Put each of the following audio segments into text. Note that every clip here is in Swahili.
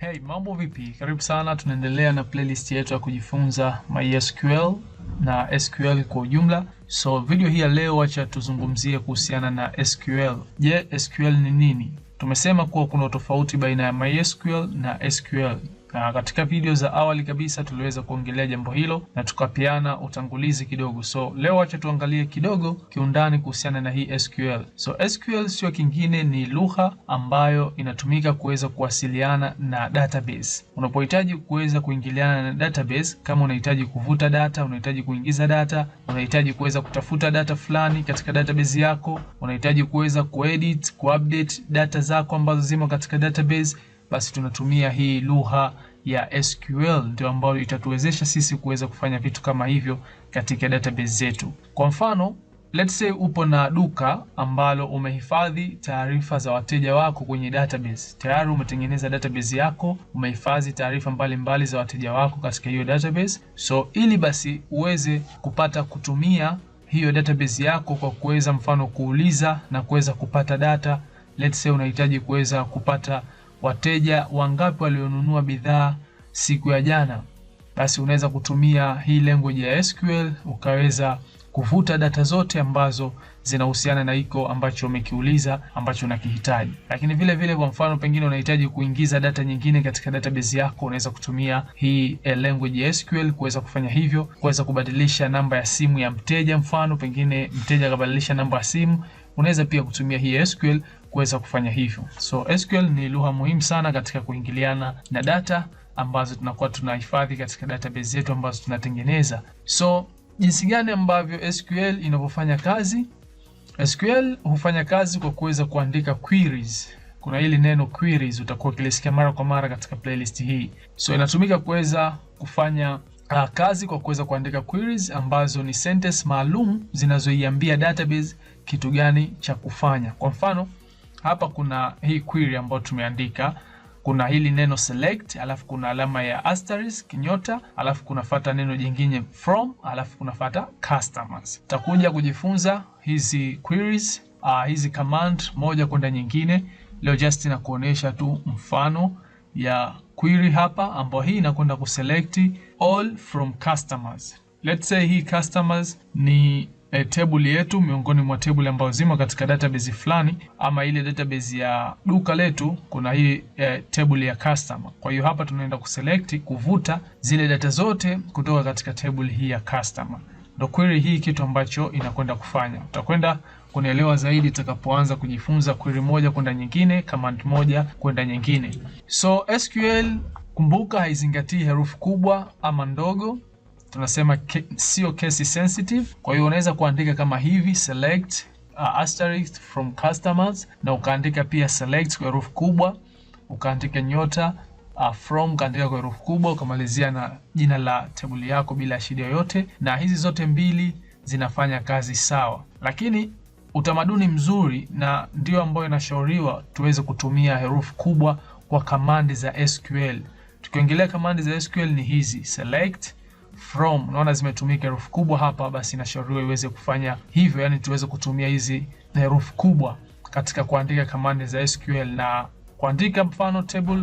Hey, mambo vipi? Karibu sana, tunaendelea na playlist yetu ya kujifunza MySQL na SQL kwa ujumla. So video hii ya leo, wacha tuzungumzie kuhusiana na SQL. Je, SQL ni nini? Tumesema kuwa kuna utofauti baina ya MySQL na SQL. Na katika video za awali kabisa tuliweza kuongelea jambo hilo na tukapeana utangulizi kidogo, so leo wacha tuangalie kidogo kiundani kuhusiana na hii SQL. So SQL sio kingine, ni lugha ambayo inatumika kuweza kuwasiliana na database. Unapohitaji kuweza kuingiliana na database, kama unahitaji kuvuta data, unahitaji kuingiza data, unahitaji kuweza kutafuta data fulani katika database yako, unahitaji kuweza kuedit, kuupdate data zako ambazo zimo katika database basi tunatumia hii lugha ya SQL ndio ambayo itatuwezesha sisi kuweza kufanya vitu kama hivyo katika database zetu. Kwa mfano, let's say upo na duka ambalo umehifadhi taarifa za wateja wako kwenye database. Tayari umetengeneza database yako, umehifadhi taarifa mbalimbali za wateja wako katika hiyo database. So ili basi uweze kupata kutumia hiyo database yako kwa kuweza mfano kuuliza na kuweza kupata data, let's say unahitaji kuweza kupata wateja wangapi walionunua bidhaa siku ya jana, basi unaweza kutumia hii language ya SQL ukaweza kuvuta data zote ambazo zinahusiana na iko ambacho umekiuliza ambacho unakihitaji. Lakini vile vile, kwa mfano, pengine unahitaji kuingiza data nyingine katika database yako, unaweza kutumia hii eh, language ya SQL kuweza kufanya hivyo, kuweza kubadilisha namba ya simu ya mteja. Mfano, pengine mteja akabadilisha namba ya simu, unaweza pia kutumia hii SQL kuweza kufanya hivyo. So SQL ni lugha muhimu sana katika kuingiliana na data ambazo tunakuwa tunahifadhi katika database zetu ambazo tunatengeneza. So jinsi gani ambavyo SQL inavyofanya kazi? SQL hufanya kazi kwa kuweza kuandika queries. Kuna hili neno queries utakuwa ukilisikia mara kwa mara katika playlist hii. So inatumika kuweza kufanya uh, kazi kwa kuweza kuandika queries ambazo ni sentence maalum zinazoiambia database kitu gani cha kufanya. Kwa mfano hapa kuna hii query ambayo tumeandika kuna hili neno select, alafu kuna alama ya asterisk nyota, alafu kunafata neno jingine from, alafu kunafata customers. Takuja kujifunza hizi queries, uh, hizi command moja kwenda nyingine. Leo just na kuonesha tu mfano ya query hapa, ambayo hii inakwenda kuselect all from customers. Let's say hii customers ni e, table yetu miongoni mwa table ambazo zimo katika database fulani ama ile database ya duka letu, kuna hii e, table ya customer. Kwa hiyo hapa tunaenda kuselect kuvuta zile data zote kutoka katika table hii ya customer. Ndo query hii kitu ambacho inakwenda kufanya. Tutakwenda kunaelewa zaidi tutakapoanza kujifunza query moja kwenda nyingine, command moja kwenda nyingine. So SQL kumbuka, haizingatii herufi kubwa ama ndogo tunasema ke, sio case sensitive. Kwa hiyo unaweza kuandika kama hivi select uh, asterisk from customers, na ukaandika pia select kwa herufi kubwa, ukaandika nyota uh, from ukaandika kwa herufi kubwa, ukamalizia na jina la table yako bila shida yoyote, na hizi zote mbili zinafanya kazi sawa, lakini utamaduni mzuri na ndio ambayo inashauriwa tuweze kutumia herufi kubwa kwa kamandi za SQL. Tukiongelea kamandi za SQL ni hizi select from, naona zimetumika herufi kubwa hapa, basi inashauriwa iweze kufanya hivyo, yani tuweze kutumia hizi herufi kubwa katika kuandika kamandi za SQL na kuandika mfano table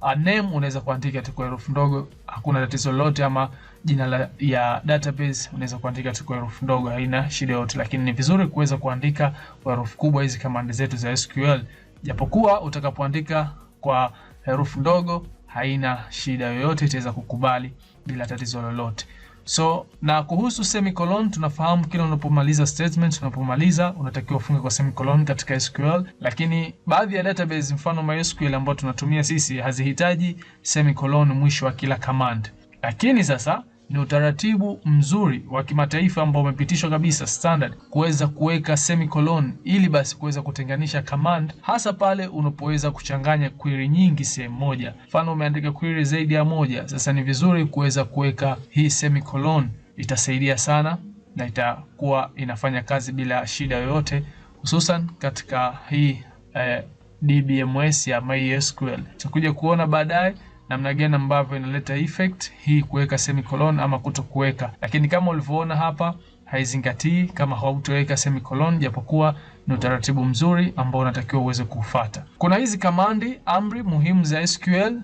a name unaweza kuandika tu kwa herufi ndogo, hakuna tatizo lolote, ama jina la, ya database unaweza kuandika tu kwa herufi ndogo, haina shida yoyote, lakini ni vizuri kuweza kuandika kwa herufi kubwa hizi kamandi zetu za SQL, japokuwa utakapoandika kwa herufi ndogo haina shida yoyote, itaweza kukubali bila tatizo lolote. So na kuhusu semicolon tunafahamu kila unapomaliza statement, unapomaliza unatakiwa ufunge kwa semicolon katika SQL, lakini baadhi ya database mfano MySQL ambayo tunatumia sisi hazihitaji semicolon mwisho wa kila command. Lakini sasa ni utaratibu mzuri wa kimataifa ambao umepitishwa kabisa standard kuweza kuweka semicolon ili basi kuweza kutenganisha command, hasa pale unapoweza kuchanganya query nyingi sehemu moja. Mfano umeandika query zaidi ya moja, sasa ni vizuri kuweza kuweka hii semicolon, itasaidia sana na itakuwa inafanya kazi bila shida yoyote, hususan katika hii eh, DBMS ya MySQL. Tutakuja kuona baadaye namna gani ambavyo inaleta effect hii kuweka semicolon ama kutokuweka. Lakini kama ulivyoona hapa haizingatii kama hautoweka semicolon, japokuwa ni utaratibu mzuri ambao unatakiwa uweze kufuata. Kuna hizi kamandi amri muhimu za SQL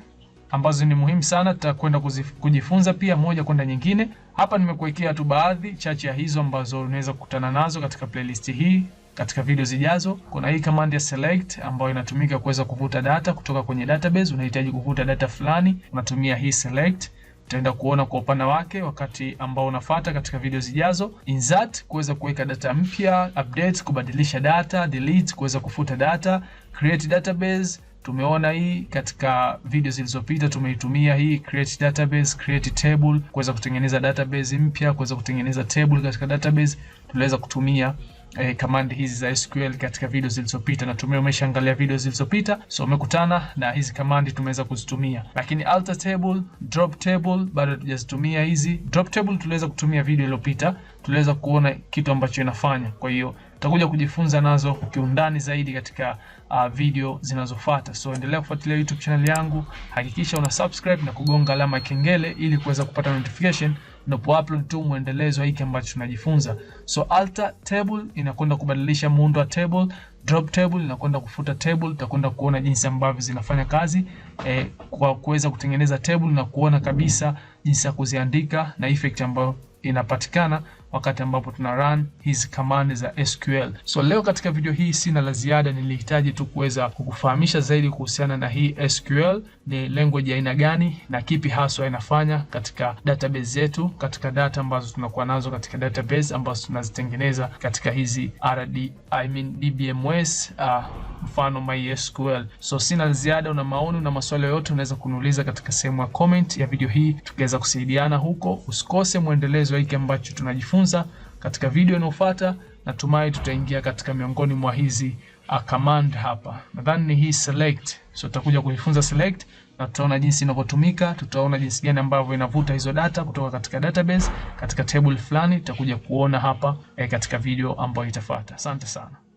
ambazo ni muhimu sana, tutakwenda kujifunza pia moja kwenda nyingine. Hapa nimekuwekea tu baadhi chache ya hizo ambazo unaweza kukutana nazo katika playlist hii. Katika video zijazo, kuna hii command ya select ambayo inatumika kuweza kuvuta data kutoka kwenye database. Unahitaji kuvuta data fulani, unatumia hii select. Utaenda kuona kwa upana wake wakati ambao unafuata katika video zijazo. Insert kuweza kuweka data mpya, update kubadilisha data, delete kuweza kufuta data, create database tumeona hii katika video zilizopita, tumeitumia hii create database, create table kuweza kutengeneza database mpya, kuweza kutengeneza table katika database tuliweza kutumia eh, command hizi za SQL katika video zilizopita. Natumai umeshaangalia video zilizopita, so umekutana na hizi command tumeweza kuzitumia, lakini alter table, drop table bado hatujazitumia hizi. Drop table tuliweza kutumia video iliyopita, tuliweza kuona kitu ambacho inafanya, kwa hiyo tutakuja kujifunza nazo kiundani zaidi katika uh, video zinazofuata. So endelea kufuatilia YouTube channel yangu, hakikisha una subscribe na kugonga alama ya kengele ili kuweza kupata notification ninapo upload tu mwendelezo hiki ambacho tunajifunza. So alter table inakwenda kubadilisha muundo wa table, drop table inakwenda kufuta table. Tutakwenda kuona jinsi ambavyo zinafanya kazi eh, kwa kuweza kutengeneza table na kuona kabisa jinsi ya kuziandika na effect ambayo inapatikana wakati ambapo tuna run hizi kamandi za SQL. So leo katika video hii sina la ziada, nilihitaji tu kuweza kukufahamisha zaidi kuhusiana na hii SQL ni language aina gani na kipi haswa inafanya katika database zetu, katika data ambazo tunakuwa nazo katika database ambazo tunazitengeneza katika hizi RD, I mean DBMS uh, mfano MySQL. So sina ziada. Una maoni, una maswali yoyote, unaweza kuniuliza katika sehemu ya comment ya video hii, tukaweza kusaidiana huko. Usikose mwendelezo hiki ambacho tunajifunza katika video inayofuata. Natumai tutaingia katika miongoni mwa hizi a uh, command hapa. Nadhani ni hii select, so tutakuja kujifunza select na tutaona jinsi inavyotumika, tutaona jinsi gani ambavyo inavuta hizo data kutoka katika database katika table fulani, tutakuja kuona hapa eh, katika video ambayo itafuata. Asante sana.